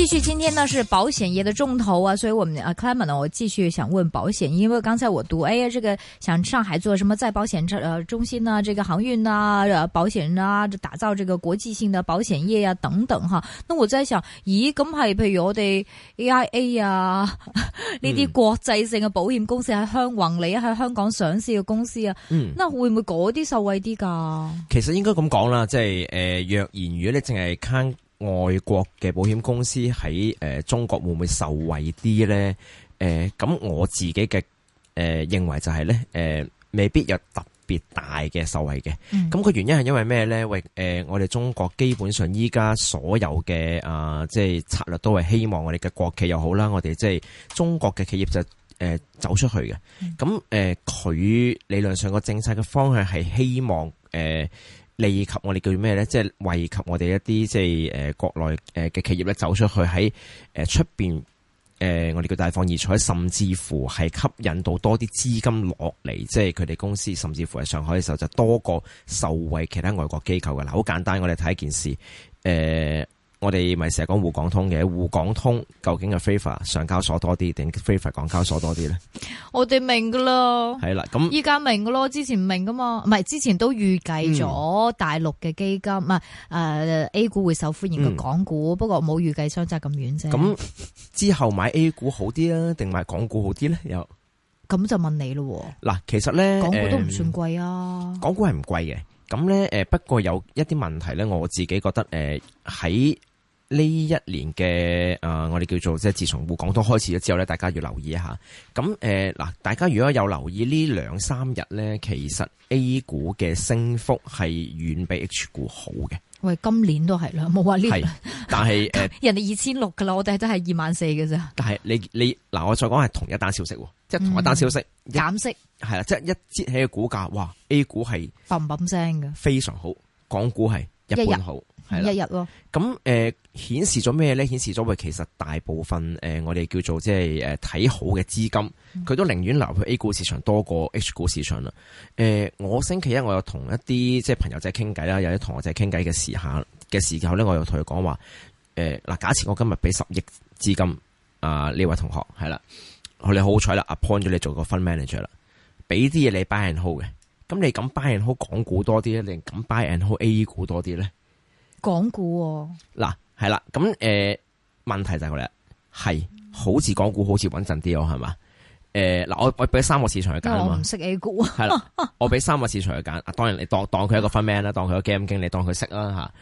繼續，今天呢是保險業的重頭啊，所以我們啊，Clement 呢，我繼續想問保險，因為剛才我讀，哎呀，這個想上海做什麼再保險中中心啊，這個航運啊，保險啊，打造這個國際性的保險業啊，等等哈、啊。那我在想，咦，咁係譬如我哋 AIA 啊呢啲國際性嘅保險公司喺香港啊，喺香港上市嘅公司啊？嗯，那會唔會嗰啲受惠啲噶？其實應該咁講啦，即係誒、呃，若然如果你淨係 c 外國嘅保險公司喺誒、呃、中國會唔會受惠啲呢？誒、呃，咁我自己嘅誒、呃、認為就係、是、呢，誒、呃、未必有特別大嘅受惠嘅。咁、嗯、個原因係因為咩呢？喂，誒，我哋中國基本上依家所有嘅啊、呃，即係策略都係希望我哋嘅國企又好啦，我哋即係中國嘅企業就誒、呃、走出去嘅。咁、嗯、誒，佢、呃、理論上個政策嘅方向係希望誒。呃利及我哋叫咩呢？即係惠及我哋一啲即係誒國內嘅企業咧，走出去喺出邊，誒，我哋叫大放異彩，甚至乎係吸引到多啲資金落嚟，即係佢哋公司，甚至乎喺上海嘅時候就多過受惠其他外國機構嘅。好簡單，我哋睇一件事、呃我哋咪成日講滬港通嘅，滬港通究竟係 favor 上交所多啲，定 favor 港交所多啲咧？我哋明噶啦，係啦，咁而家明噶咯，之前唔明噶嘛，唔係之前都預計咗大陸嘅基金，唔係誒 A 股會受歡迎過港股，不過冇預計相差咁遠啫。咁之後買 A 股好啲啊，定買港股好啲咧？又咁就問你咯。嗱，其實咧，港股都唔算貴啊。港股係唔貴嘅，咁咧誒，不過有一啲問題咧，我自己覺得誒喺。呢一年嘅，啊、呃，我哋叫做即係自從滬港通開始咗之後咧，大家要留意一下。咁誒，嗱、呃，大家如果有留意呢兩三日咧，其實 A 股嘅升幅係遠比 H 股好嘅。喂，今年都係啦，冇話呢。係，但係誒、呃，人哋二千六噶啦，我哋都係二萬四嘅咋。但係你你嗱、呃，我再講係同一單消息，即係同一單消息、嗯、減息。係啦，即係一摺起嘅股價，哇，A 股係嘭嘭聲嘅，非常好，港股係。一般好，係一日咯。咁誒，顯、啊嗯呃、示咗咩咧？顯示咗，喂，其實大部分誒、呃，我哋叫做即係誒，睇好嘅資金，佢都寧願留喺 A 股市場多過 H 股市場啦。誒、呃，我星期一我又同一啲即係朋友仔傾偈啦，有啲同學仔傾偈嘅時下嘅時候咧，我又同佢講話，誒，嗱，假設我今日俾十億資金，啊，呢位同學係啦，我你好彩啦，appoint 咗你做個分 manager 啦，俾啲嘢你 buy and hold 嘅。咁你咁 buy l 好港股多啲咧，你咁 buy and hold A 股多啲咧？港股嗱、哦、係啦，咁誒、呃、問題就係、是、咧，係好似港股好似穩陣啲咯，係嘛？誒、呃、嗱，我我俾三個市場去揀啊嘛。我唔識 A 股啊。係啦，我俾三個市場去揀、 啊。當然你當當佢一個 fund man 啦，當佢個 game 經，你當佢識啦吓。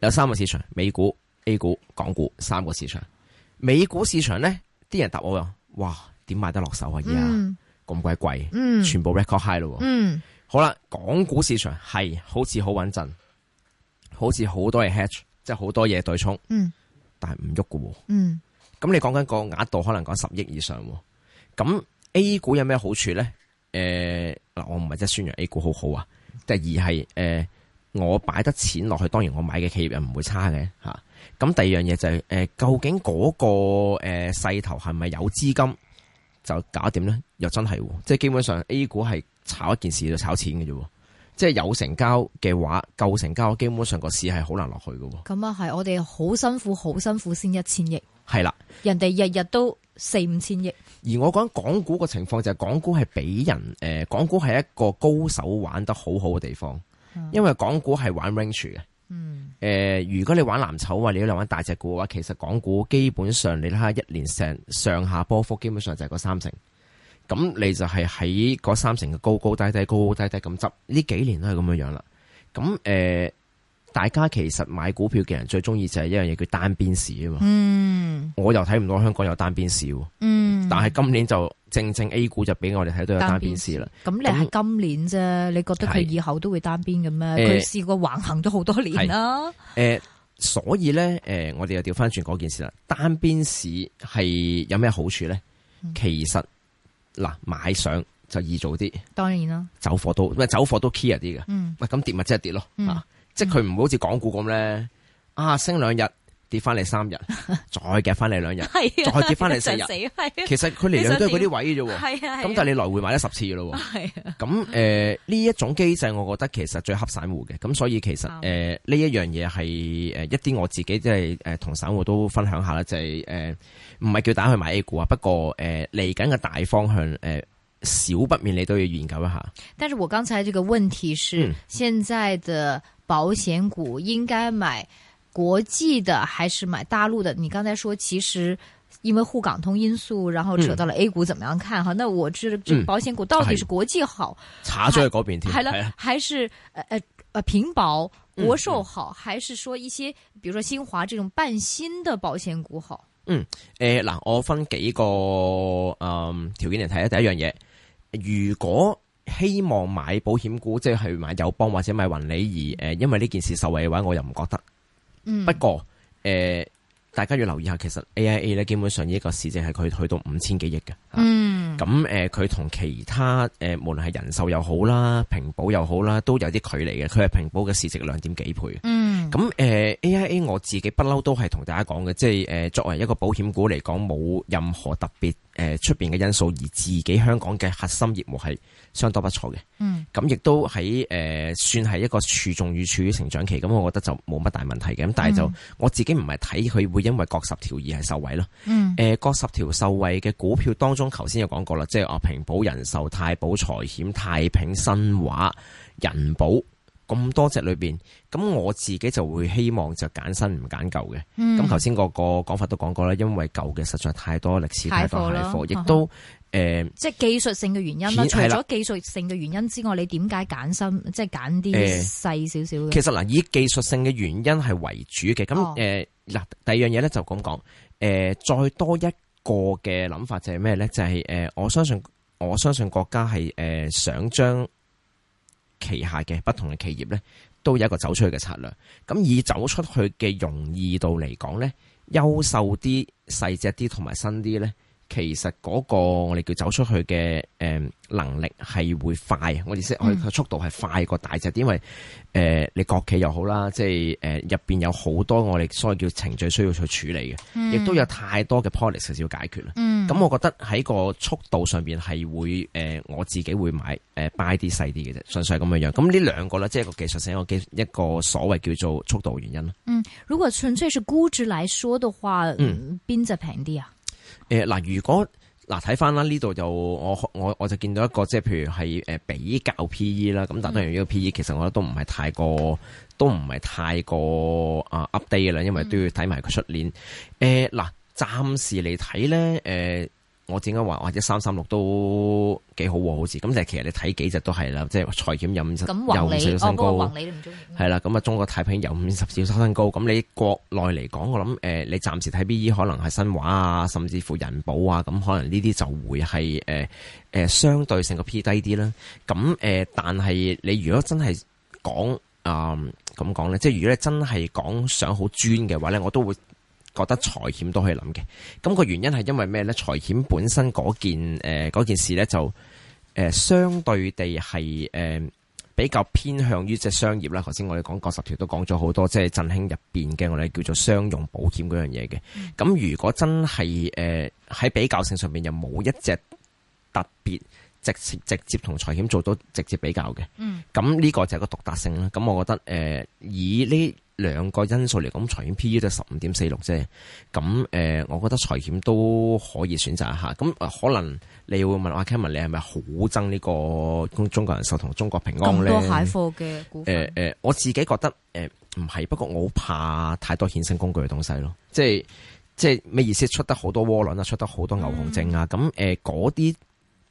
有三個市場：美股、A 股、港股，三個市場。美股市場咧，啲人答我話：哇，點買得落手啊？依家咁鬼貴，嗯、全部 record high 咯，嗯。嗯好啦，港股市場係好似好穩陣，好似好多嘢 hedge，即係好多嘢對沖，嗯，但係唔喐㗎，嗯，咁你講緊個額度可能講十億以上，咁 A 股有咩好處咧？誒、呃、嗱，我唔係即係宣揚 A 股好好啊，而係誒我擺得錢落去，當然我買嘅企業又唔會差嘅吓。咁、啊、第二樣嘢就係、是、誒、呃，究竟嗰、那個誒勢、呃、頭係咪有資金就搞掂咧？又真係，即係基本上 A 股係。炒一件事就炒錢嘅啫，即係有成交嘅話，夠成交，基本上個市係好難落去喎。咁啊係，我哋好辛苦，好辛苦先一千億。係啦，人哋日日都四五千億。而我講港股個情況就係、呃，港股係俾人誒，港股係一個高手玩得好好嘅地方，因為港股係玩 range 嘅。嗯，誒，如果你玩藍籌啊，你都係玩大隻股嘅話，其實港股基本上你睇下一年成上下波幅，基本上就係個三成。咁你就係喺嗰三成嘅高高低低、高高低低咁執呢幾年都係咁樣樣啦。咁誒、呃，大家其實買股票嘅人最中意就係一樣嘢叫單邊市啊嘛。嗯，我又睇唔到香港有單邊市喎。嗯，但係今年就正正 A 股就俾我哋睇到有單邊市啦。咁你係今年啫，你覺得佢以後都會單邊嘅咩？佢試過橫行咗好多年啦、呃。誒、呃，所以咧，誒、呃，我哋又調翻轉嗰件事啦。單邊市係有咩好處咧、嗯？其實。嗱，買上就易做啲，當然啦，走貨都喂，走貨都 key e 啲嘅，喂、嗯、咁跌咪即係跌咯，嗯、啊，嗯、即係佢唔會好似港股咁咧，啊升兩日。跌翻嚟三日，再夾翻你兩日、 啊，再跌翻你四日、 啊。其實佢嚟兩都係嗰啲位啫，咁、啊啊、但係你來回買咗十次咯。咁誒呢一種機制，我覺得其實最恰散戶嘅。咁所以其實誒呢、呃、一樣嘢係誒一啲我自己即係誒同散戶都分享下啦，就係誒唔係叫大家去買 A 股啊。不過誒嚟緊嘅大方向誒少、呃、不免你都要研究一下。但是我剛才呢個問題是、嗯、現在嘅保險股應該買國際的還是買大陸的？你剛才說其實因為滬港通因素，然後扯到了 A 股，怎麼樣看？哈、嗯，那我知道保險股到底是國際好，嗯、查咗去嗰邊添，係啦、嗯，還是誒誒、呃、平保國壽好、嗯，還是說一些，比如說新華這種半新的保險股好？嗯誒嗱、呃，我分幾個誒條、呃、件嚟睇下。第一樣嘢，如果希望買保險股，即係去買友邦或者買雲里而誒、呃，因為呢件事受惠嘅話，我又唔覺得。不過，誒、呃，大家要留意一下，其實 AIA 咧基本上呢一個市值係佢去到五千幾億嘅。嗯。咁、啊、誒，佢、呃、同其他誒、呃，無論係人壽又好啦，平保又好啦，都有啲距離嘅。佢係平保嘅市值兩點幾倍。嗯。咁、嗯、誒、呃，AIA 我自己不嬲都係同大家講嘅，即係誒、呃，作為一個保險股嚟講，冇任何特別。誒、呃，出邊嘅因素而自己香港嘅核心業務係相當不錯嘅，嗯，咁亦都喺誒算係一個注重與處於成長期，咁我覺得就冇乜大問題嘅，咁但係就、嗯、我自己唔係睇佢會因為各十條而係受惠咯，嗯、呃，誒，各十條受惠嘅股票當中，頭先有講過啦，即係阿平保人壽、太保財險、太平、新華、人保。咁多隻裏邊，咁我自己就會希望就揀新唔揀舊嘅。咁頭先個個講法都講過啦，因為舊嘅實在太多，歷史太多太貨，亦都誒。即係技術性嘅原因啦。除咗技術性嘅原因之外，你點解揀新？即係揀啲細少少嘅。其實嗱，以技術性嘅原因係為主嘅。咁誒嗱，第二樣嘢咧就咁講誒，再多一個嘅諗法就係咩咧？就係誒，我相信我相信國家係誒想將。旗下嘅不同嘅企業咧，都有一個走出去嘅策略。咁以走出去嘅容易度嚟講咧，優秀啲、細隻啲同埋新啲咧。其實嗰個我哋叫走出去嘅誒能力係會快，我哋識我速度係快過大隻啲，因為誒、呃、你國企又好啦，即係誒入邊有好多我哋所謂叫程序需要去處理嘅，亦都有太多嘅 policy 要解決啦。咁、嗯、我覺得喺個速度上邊係會誒、呃、我自己會買誒 buy 啲細啲嘅啫，純、呃、粹係咁嘅樣。咁呢兩個咧，即係個技術性，一個嘅一個所謂叫做速度原因。嗯，如果純粹係估值嚟說嘅話，嗯，邊隻平啲啊？誒、呃、嗱，如果嗱睇翻啦，呢、呃、度就我我我就見到一個，即係譬如係誒比較 P E 啦，咁但係當然呢個 P E 其實我覺得都唔係太過，都唔係太過啊 update 嘅啦，因為都要睇埋佢出年。誒、呃、嗱、呃，暫時嚟睇咧，誒、呃。我點解話或者三三六都幾好喎？好似咁就係，其實你睇幾隻都係啦，即係財險有五十有五十新高。係、哦、啦，咁啊，中國太平有五十少收新高。咁、嗯、你國內嚟講，我諗、呃、你暫時睇 BE 可能係新華啊，甚至乎人保啊，咁可能呢啲就會係誒、呃呃、相對性個 P 低啲啦。咁、呃、但係你如果真係講啊咁講咧，即、呃、係、就是、如果你真係講想好專嘅話咧，我都會。覺得財險都可以諗嘅，咁個原因係因為咩呢？財險本身嗰件、呃、嗰件事呢，就、呃、相對地係、呃、比較偏向於即係商業啦。頭先我哋講國十條都講咗好多，即係振興入面嘅我哋叫做商用保險嗰樣嘢嘅。咁、嗯、如果真係喺、呃、比較性上面，又冇一隻特別。直接直接同財險做到直接比較嘅，咁、嗯、呢、這個就係個獨特性啦。咁我覺得誒，以呢兩個因素嚟講，財險 P/E 都係十五點四六啫。咁誒，我覺得、呃、財險、呃、財險都可以選擇一下。咁可能你會問阿 Kevin、啊、你係咪好憎呢個中國人壽同中國平安呢？咁多蟹貨嘅股。誒、呃呃、我自己覺得誒唔係，不過我好怕太多衍生工具嘅東西咯。即係即係咩意思？出得好多窩輪、嗯、啊，出得好多牛熊證啊。咁誒嗰啲。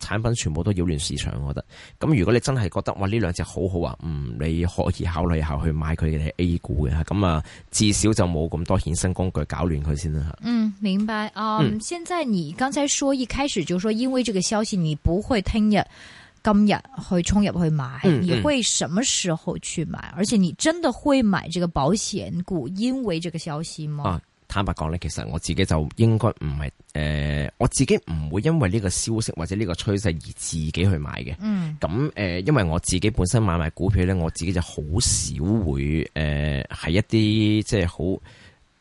產品全部都擾亂市場，我覺得咁。如果你真係覺得哇呢兩隻好好啊，嗯，你可以考慮下去買佢嘅 A 股嘅咁啊，至少就冇咁多衍生工具搞亂佢先啦，嗯，明白。啊、um,，現在你剛才說，一開始就說因為這個消息，你不會聽日今日去衝入去買、嗯，你會什麼時候去買？而且你真的會買這個保險股，因為這個消息嗎？啊坦白講咧，其實我自己就應該唔係誒，我自己唔會因為呢個消息或者呢個趨勢而自己去買嘅。嗯，咁、呃、誒，因為我自己本身買賣股票咧，我自己就好少會誒喺、呃、一啲即係好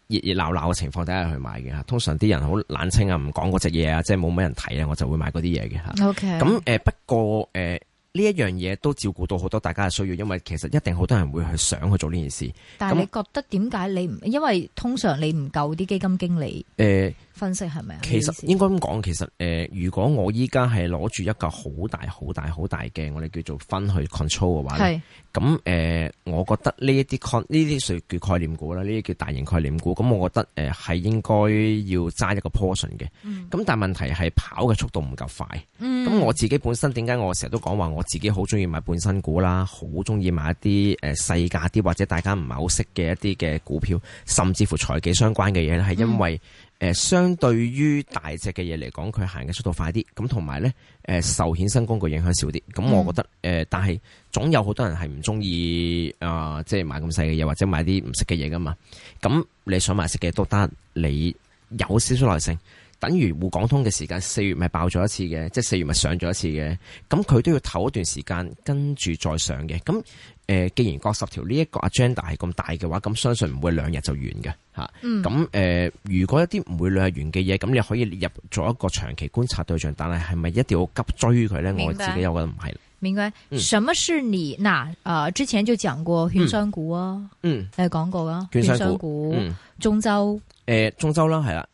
熱熱鬧鬧嘅情況底下去買嘅。通常啲人好冷清啊，唔講嗰隻嘢啊，即係冇乜人睇啊，我就會買嗰啲嘢嘅吓。O K. 咁誒，不過誒。呃呢一樣嘢都照顧到好多大家嘅需要，因為其實一定好多人會去想去做呢件事。但係你覺得點解你唔？因為通常你唔夠啲基金經理。呃分析係咪啊？其實應該咁講，其實誒、呃，如果我依家係攞住一個好大、好大、好大嘅，我哋叫做分去 control 嘅話，係咁誒，我覺得呢一啲 con 呢啲叫概念股啦，呢啲叫大型概念股。咁我覺得誒係、呃、應該要揸一個 portion 嘅。咁、嗯、但係問題係跑嘅速度唔夠快。咁、嗯、我自己本身點解我成日都講話我自己好中意買半新股啦，好中意買一啲誒、呃、細價啲或者大家唔係好識嘅一啲嘅股票，甚至乎財技相關嘅嘢咧，係、嗯、因為。誒相對於大隻嘅嘢嚟講，佢行嘅速度快啲，咁同埋呢誒受衍生工具影響少啲，咁、嗯、我覺得誒，但係總有好多人係唔中意啊，即、呃、係買咁細嘅嘢，或者買啲唔識嘅嘢噶嘛，咁你想買識嘅都得，有你有少少耐性。等於滬港通嘅時間，四月咪爆咗一次嘅，即係四月咪上咗一次嘅，咁佢都要唞一段時間，跟住再上嘅。咁誒，既然各十條呢一個 agenda 係咁大嘅話，咁相信唔會兩日就完嘅吓。咁誒，如果一啲唔會兩日完嘅嘢，咁你可以列入做一個長期觀察對象，但係係咪一定要急追佢咧？我自己又覺得唔係。明白。嗯、什麼是你嗱？誒，之前就講過券商股啊，嗯，誒、嗯，講過啊？券商股，中州？誒、嗯呃，中州啦，係啦。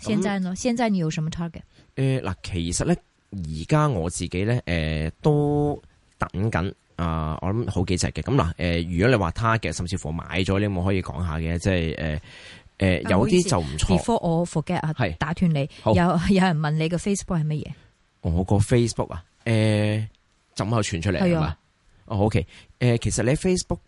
現在呢？現在你有什麼 target？誒嗱，其實咧而家我自己咧誒都在等緊啊，我諗好幾隻嘅。咁嗱，誒，如果你話 target，甚至乎我買咗，你有冇可以講下嘅？即係誒誒，有啲就唔錯。before 我 forget 啊，係打斷你，有有人問你個 Facebook 係乜嘢？我個 Facebook 啊？誒、呃，怎啊傳出嚟係嘛？哦，OK，誒，其實你 Facebook。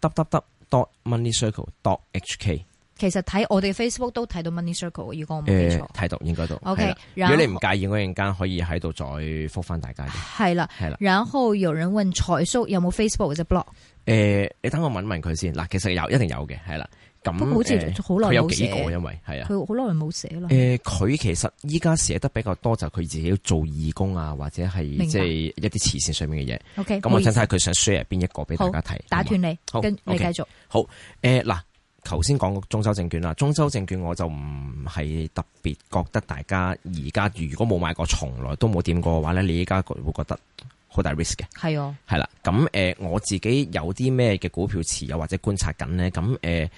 dot dot money circle dot HK。其實睇我哋 Facebook 都睇到 Money Circle，如果我冇記錯，睇、呃、到應該都。OK，如果你唔介意，我陣間可以喺度再覆返大家。係啦，係啦。然後有人問財叔、嗯、有冇 Facebook 或者 blog？呃、你等我問問佢先。嗱，其實有一定有嘅，係啦。咁好似好耐冇寫，佢有幾個因為係啊，佢好耐冇寫啦。誒、呃，佢其實依家寫得比較多就係佢自己要做義工啊，或者係即係一啲慈善上面嘅嘢。O K，咁我睇睇佢想 share 邊一個俾大家睇。打斷你，跟嚟繼續。好，誒、呃、嗱，頭先講中州證券啦，中州證券我就唔係特別覺得大家而家如果冇買過，從來都冇掂過嘅話咧，你依家會會覺得好大 risk 嘅。係哦，係啦。咁、呃、誒，我自己有啲咩嘅股票持有或者觀察緊咧？咁、呃、誒。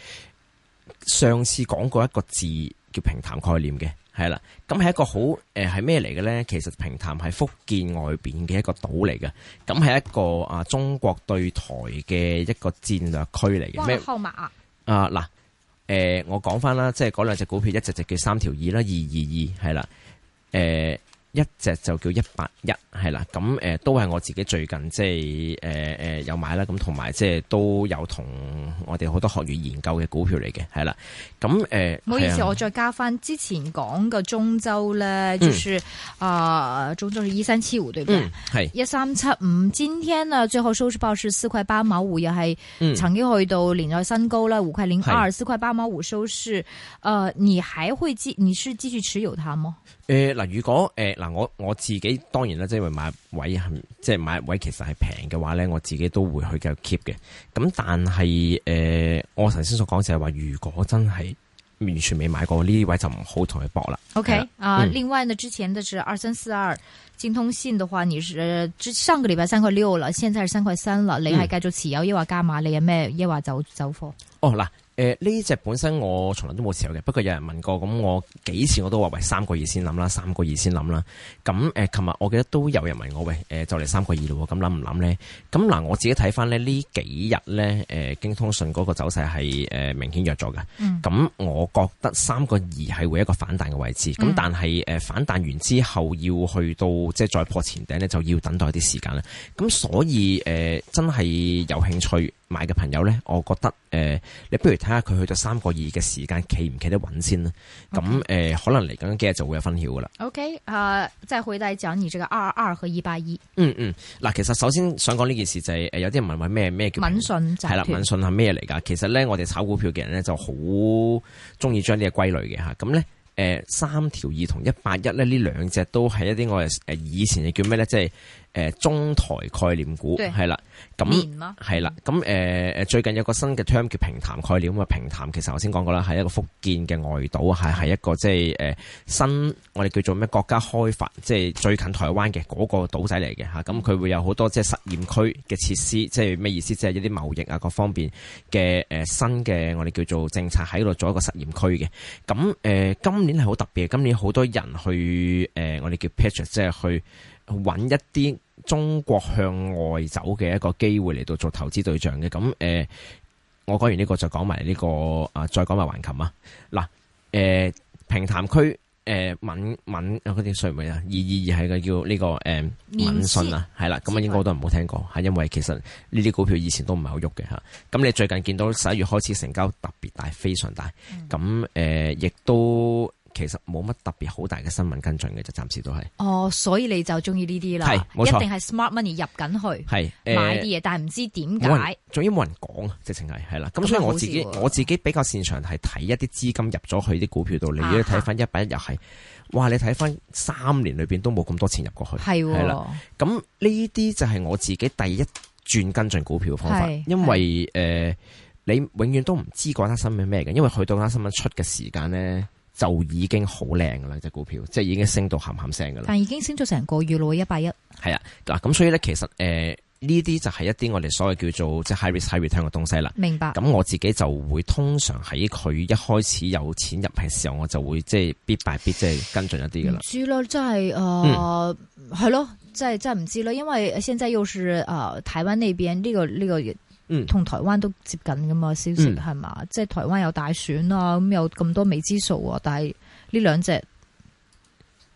上次講過一個字叫平潭概念嘅，係啦，咁係一個好誒係咩嚟嘅咧？其實平潭係福建外邊嘅一個島嚟嘅，咁係一個啊中國對台嘅一個戰略區嚟嘅。咩號碼啊？啊、呃、嗱，誒我講翻啦，即係嗰兩隻股票，一直隻叫三條二啦，二二二係啦，誒、呃。一隻就叫一八一，係啦，咁誒都係我自己最近即係誒誒有買啦，咁同埋即係都有同我哋好多學員研究嘅股票嚟嘅，係啦，咁誒，唔、呃、好意思，啊、我再加翻之前講嘅中州咧，就是啊、嗯呃、中州一三七五對唔對，係，一三七五，1375, 今天呢最後收市報是四塊八毛五，又係曾經去到年內新高啦，五塊零二，四塊八毛五收市，誒、呃，你還會繼你是繼續持有它嗎？誒，嗱，如果誒，嗱、呃，我我自己當然咧，即係買位係，即係買位其實係平嘅話咧，我自己都會去繼續 keep 嘅。咁但係誒、呃，我頭先所講就係話，如果真係完全未買過呢位就唔好同佢搏啦。OK、嗯、啊，另外呢，之前嘅是二三四二，京信通信的話，你是上個禮拜三塊六啦，現在係三塊三啦，你係繼續持有，抑或加碼，你有咩，抑或走走貨？哦，嗱、呃。誒、呃，呢隻本身我從來都冇持有嘅，不過有人問過，咁我幾次我都話喂，三個二先諗啦，三個二先諗啦。咁誒、琴、呃、日我記得都有人問我，喂，誒、呃，就嚟三個二喎，咁諗唔諗呢？」咁、呃、嗱，我自己睇翻呢呢幾日呢，誒、呃，京通訊嗰個走勢係誒明顯弱咗嘅。咁、嗯、我覺得三個二係會一個反彈嘅位置，咁但係誒、呃、反彈完之後要去到即係再破前頂呢，就要等待啲時間啦。咁所以誒、呃、真係有興趣買嘅朋友呢，我覺得。誒、呃，你不如睇下佢去到三個二嘅時間企唔企得穩先啦。咁、okay. 誒、呃，可能嚟緊幾日就會有分曉噶啦。OK，誒、呃，即係回帶講你這個二二二和一八一。嗯嗯，嗱，其實首先想講呢件事就係，誒，有啲人問話咩咩叫民信，係啦，民信係咩嚟噶？其實咧，我哋炒股票嘅人咧就好中意將啲嘢歸類嘅吓，咁咧。誒、呃，三條二同一八一咧，呢兩隻都係一啲我哋誒以前係叫咩咧？即係誒中台概念股係啦，咁係啦，咁誒誒最近有個新嘅 term 叫平潭概念咁啊。平潭其實頭先講過啦，係一個福建嘅外島，係係一個即係誒新我哋叫做咩國家開發，即係最近台灣嘅嗰個島仔嚟嘅吓。咁、啊、佢會有好多即係實驗區嘅設施，即係咩意思？即係一啲貿易啊，各方面嘅誒、呃、新嘅我哋叫做政策喺度做一個實驗區嘅。咁誒、呃、今年。真係好特別，今年好多人去誒，我哋叫 patch，即係去搵一啲中國向外走嘅一個機會嚟到做投資對象嘅。咁誒、呃，我講完呢個就講埋呢個啊，再講埋橫琴啊。嗱，誒，平潭區誒閩閩嗰啲術語啊，二二二係個叫呢個誒閩信啊，係啦。咁啊，應該好多人都冇聽過吓，因為其實呢啲股票以前都唔係好喐嘅吓。咁你最近見到十一月開始成交特別大，非常大。咁誒，亦、呃、都。其實冇乜特別好大嘅新聞跟進嘅，就暫時都係哦。所以你就中意呢啲啦，係冇錯，一定係 smart money 入緊去，係、呃、買啲嘢，但係唔知點解，仲要冇人講啊？直情係係啦。咁所以我自己我自己比較擅長係睇一啲資金入咗去啲股票度，你如果睇翻一比一又係、啊、哇，你睇翻三年裏邊都冇咁多錢入過去係係啦。咁呢啲就係我自己第一轉跟進股票嘅方法，是因為誒、呃、你永遠都唔知嗰單新聞係咩嘅，因為去到嗰單新聞出嘅時間咧，就已經好靚噶啦，隻股票即係已經升到冚冚聲噶啦。但已經升咗成個月咯，一八一。係啊，嗱咁所以咧，其實誒呢啲就係一啲我哋所謂叫做即係 high risk high return 嘅東西啦。明白。咁我自己就會通常喺佢一開始有錢入嘅時候，我就會即係必敗必即係跟進一啲噶啦。唔知咯，即係誒係咯，即係真係唔知咯，因為現在又是誒、呃、台灣呢邊，呢個呢個。這個。同台灣都接近噶嘛，消息係嘛？嗯、即係台灣有大選啊，咁有咁多未知數啊，但係呢兩隻。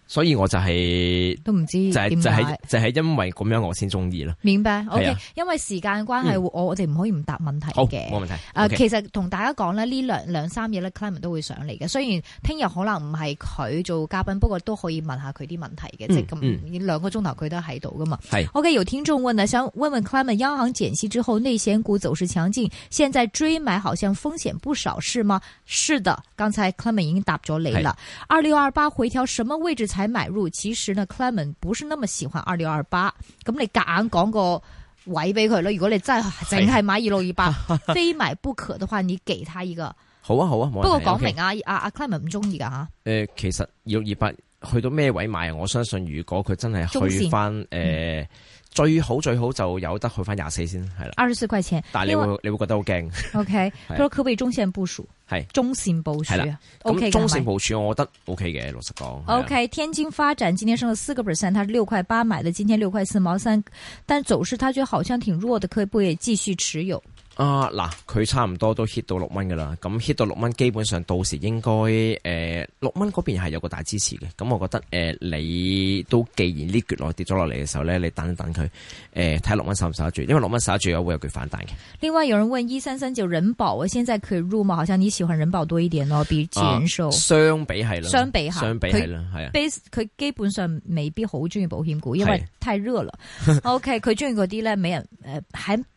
所以我就係、是、都唔知，就係、是、就係、是、就係、是、因為咁樣我先中意啦。明白，OK、嗯、因為時間關係，嗯、我我哋唔可以唔答問題嘅，冇、哦、問題。誒、啊，okay、其實同大家講咧，呢兩兩三日咧 Clayman 都會上嚟嘅。雖然聽日可能唔係佢做嘉賓，不過都可以問下佢啲問題嘅。嗯、即係咁，兩、嗯、個鐘頭佢都喺度噶嘛。係，OK，有聽眾問咧，想問問 Clayman 央行減息之後，內險股走勢強勁，現在追買好像風險不少，是嗎？是的，剛才 Clayman 已經答咗你啦。二六二八回調，什麼位置，才買入，其實呢，Clement 不是那麼喜歡二六二八，咁你夾硬講個位俾佢咯。如果你真係淨係買二六二八，非買不可的話，你給他一個好啊好啊。不過講明、okay、啊，阿阿 Clement 唔中意噶吓。誒、啊啊啊啊啊，其實二六二八。去到咩位買啊？我相信如果佢真係去翻，誒、呃、最好最好就有得去翻廿四先係啦。二十四塊錢，但係你會你會覺得好驚。O K，佢話可唔可以中線部署？係中線部署係啦。Okay, 中線部署我覺得 O K 嘅，okay, 老實講。O K，天津發展今天升咗四個 percent，他是六塊八買的，今天六塊四毛三，但走勢它覺得好像挺弱的，可唔可以繼續持有？啊嗱，佢差唔多都 hit 到六蚊噶啦，咁 hit 到六蚊，基本上到時應該誒六蚊嗰邊係有個大支持嘅，咁我覺得誒、呃、你都既然呢橛落跌咗落嚟嘅時候咧，你等等佢誒睇六蚊守唔守住，因為六蚊守得住有會有佢反彈嘅。另外有人問一三三九人保，我現在可以入嗎？好像你喜歡人保多一點咯，比指數相比係啦，相比下相比係啦，係 base 佢基本上未必好中意保險股，因為太熱啦。 OK，佢中意嗰啲咧美人、呃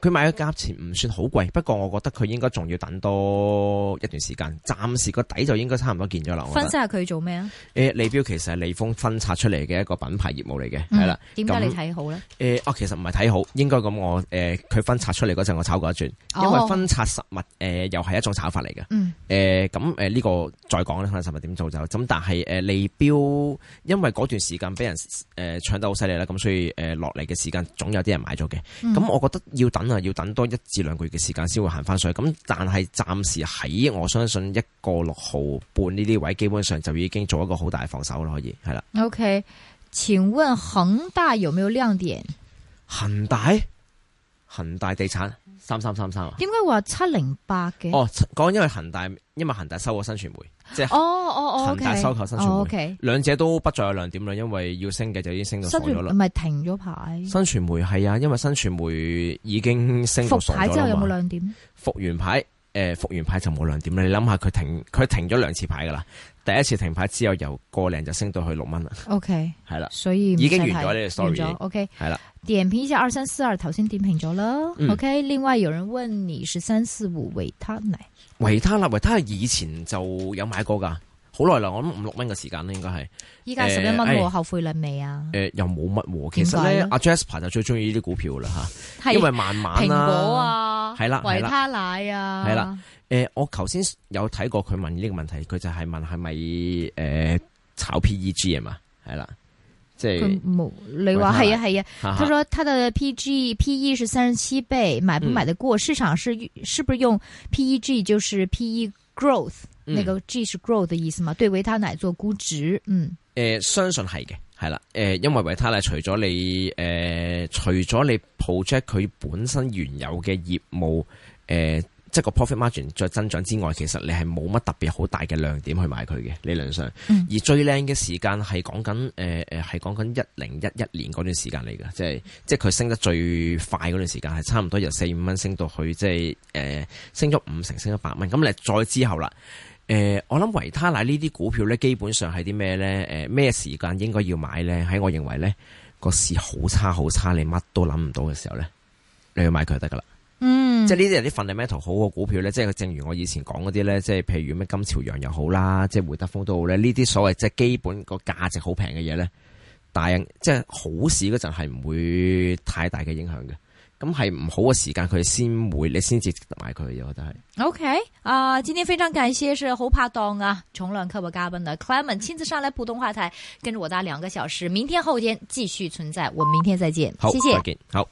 佢買嘅價錢唔算好貴，不過我覺得佢應該仲要等多一段時間。暫時個底就應該差唔多見咗喇。我分析下佢做咩啊？誒、呃、利標其實係利豐分拆出嚟嘅一個品牌業務嚟嘅，係啦。點、嗯、解你睇好咧？誒、呃，我其實唔係睇好，應該咁我誒佢、呃、分拆出嚟嗰陣我炒過一轉，因為分拆實物誒、呃、又係一種炒法嚟嘅。誒咁誒呢個再講啦，實物點做就咁。但係誒、呃、利標，因為嗰段時間俾人誒、呃呃、搶得好犀利啦，咁所以誒落嚟嘅時間總有啲人買咗嘅。咁我覺得要等。啊！要等多一至兩個月嘅時間先會行翻上去，咁但係暫時喺我相信一個六號半呢啲位，基本上就已經做一個好大嘅防守咯，可以係啦。OK，請問恒大有沒有亮點？恒大，恒大地產三三三三啊？點解話七零八嘅？哦，講因為恒大，因為恒大收過新傳媒。即係哦哦哦，收購新傳媒，oh, okay. Oh, okay. 兩者都不再有亮點啦，因為要升嘅就已經升到咗啦。唔係停咗牌，新傳媒係啊，因為新傳媒已經升咗啦嘛。復牌之後有冇亮點？復完牌誒、呃、復完牌就冇亮點啦。你諗下佢停佢停咗兩次牌㗎啦。第一次停牌之後，由個零就升到去六蚊啦。OK，係 啦，所以已經完咗呢個 story。Sorry, OK，係啦。電影片依隻二三四二，頭先點評咗啦、嗯。OK，另外有人問你是三四五維他奶，維他奶，維他，維他以前就有買過㗎，好耐啦，我諗五六蚊嘅時間咧，應該係。依家十一蚊喎，後悔啦未啊？誒、欸呃，又冇乜。其實咧，阿、啊、Jasper 就最中意呢啲股票啦嚇，因為慢慢啦。蘋果啊！係啦，維他奶啊，係啦。誒，我頭先有睇過佢問呢個問題，佢就係問係咪誒炒 P E G 啊嘛？係啦，即係佢冇，你話係啊係啊。佢說他的 P G P E 是三十七倍，買不買得過？嗯、市場是是不是用 P E G，就是 P E growth，那個 G 是 grow 的意思嘛？對維他奶做估值，嗯、誒、嗯呃，相信係嘅。係啦，誒，因為維他咧，除咗你誒、呃，除咗你 project 佢本身原有嘅業務，誒、呃，即係個 profit margin 再增長之外，其實你係冇乜特別好大嘅亮點去買佢嘅理論上。嗯、而最靚嘅時間係講緊誒誒，係講緊一零一一年嗰段時間嚟噶，即係即係佢升得最快嗰段時間，係差唔多由四五蚊升到去即係誒升咗五成，升咗八蚊。咁你再之後啦。誒、呃，我諗維他奶呢啲股票咧，基本上係啲咩咧？誒、呃，咩時間應該要買咧？喺我認為咧，個市好差好差，你乜都諗唔到嘅時候咧，你要買佢就得噶啦。嗯，即係呢啲人啲 fundamental 好嘅股票咧，即係正如我以前講嗰啲咧，即係譬如咩金朝陽又好啦，即係會德豐都好咧，呢啲所謂即係基本個價值好平嘅嘢咧，但即係好市嗰陣係唔會太大嘅影響嘅。咁係唔好嘅時間，佢先會，你先至買佢嘅，我覺得係。OK，啊、呃，今天非常感謝是好拍檔啊，重量級嘅嘉賓的 Clayman 親自上來普通話台，跟着我打兩個小時，明天後天繼續存在，我們明天再見，好謝謝，再見好。